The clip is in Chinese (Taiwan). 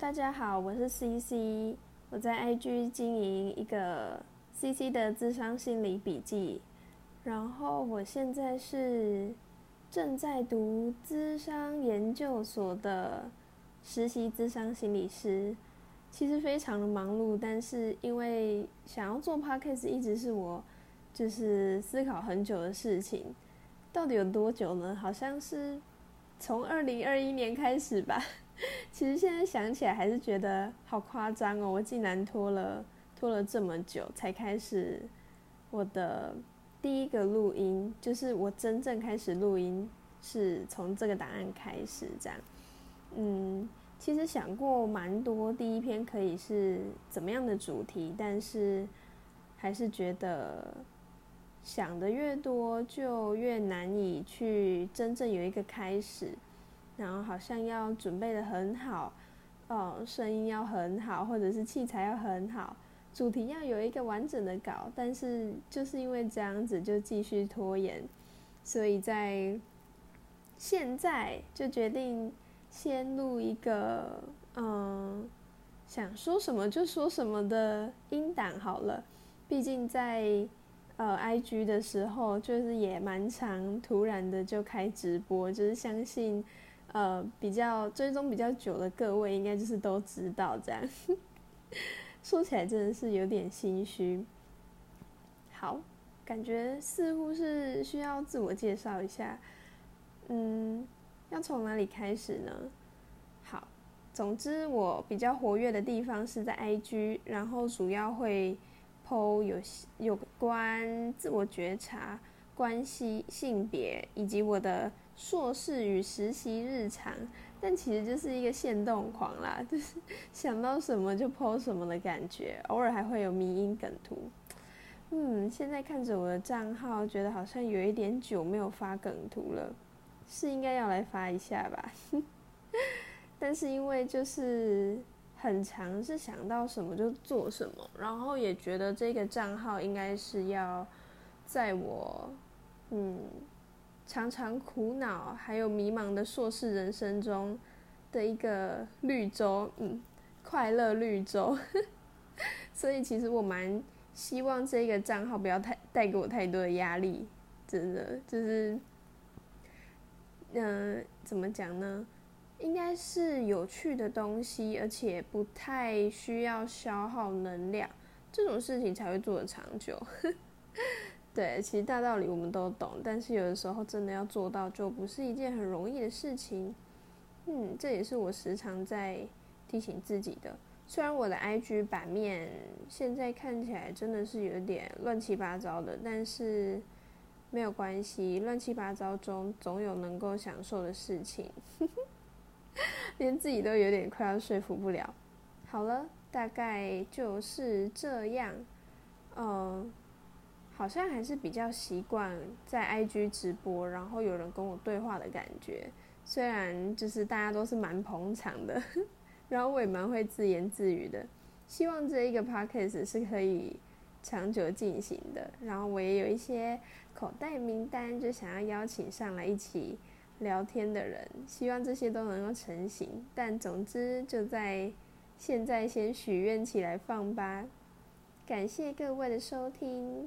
大家好，我是 CC，我在 IG 經營一個 CC 的諮商心理筆記，然後我現在是正在讀諮商研究所的實習諮商心理師，其實非常的忙碌，但是因為想要做 podcast 一直是我就是思考很久的事情，到底有多久呢？好像是從2021年開始吧。其實現在想起來還是覺得好誇張哦，我竟然拖了拖了這麼久才開始我的第一個錄音，就是我真正開始錄音是從這個檔案開始這樣。嗯，其實想過蠻多第一篇可以是怎麼樣的主題，但是還是覺得想得越多就越難以去真正有一個開始。然後好像要準備得很好，哦、嗯，聲音要很好，或者是器材要很好，主題要有一個完整的稿。但是就是因為這樣子就繼續拖延，所以在現在就決定先錄一個嗯，想說什麼就說什麼的音檔好了。畢竟在呃 IG 的時候，就是也蠻常突然的就開直播，就是相信，呃，比較追蹤比較久的各位，應該就是都知道這樣。 說起來真的是有點心虛。好，感覺似乎是需要自我介紹一下。嗯，要從哪裡開始呢？好，總之我比較活躍的地方是在 IG，然後主要會 po 有有關自我覺察。關係、性別以及我的碩士與實習日常，但其實就是一個限動狂啦，就是想到什麼就 PO 什麼的感覺，偶爾還會有迷因梗圖。嗯，現在看着我的賬號，覺得好像有一點久沒有發梗圖了，是應該要來發一下吧？ 但是因為就是很長，很常是想到什麼就做什麼，然後也覺得這個賬號應該是要在我。嗯，常常苦惱還有迷茫的碩士人生中的一個綠洲，嗯，快樂綠洲。 所以其實我蠻希望這個賬號不要太，帶給我太多的壓力，真的，就是，嗯、呃，怎麼講呢？應該是有趣的東西，而且不太需要消耗能量，這種事情才會做得長久。 對，其實大道理我們都懂，但是有的時候真的要做到，就不是一件很容易的事情。嗯，這也是我時常在提醒自己的。雖然我的 IG 版面現在看起來真的是有點亂七八糟的，但是沒有關係，亂七八糟中總有能夠享受的事情。 連自己都有點快要說服不了。好了，大概就是這樣。嗯。好像還是比較習慣在 IG 直播，然後有人跟我對話的感覺。雖然就是大家都是蠻捧場的，然後我也蠻會自言自語的。希望這一個 podcast 是可以長久進行的。然後我也有一些口袋名單，就想要邀請上來一起聊天的人。希望這些都能夠成型。但總之就在現在先許願起來放吧。感謝各位的收聽。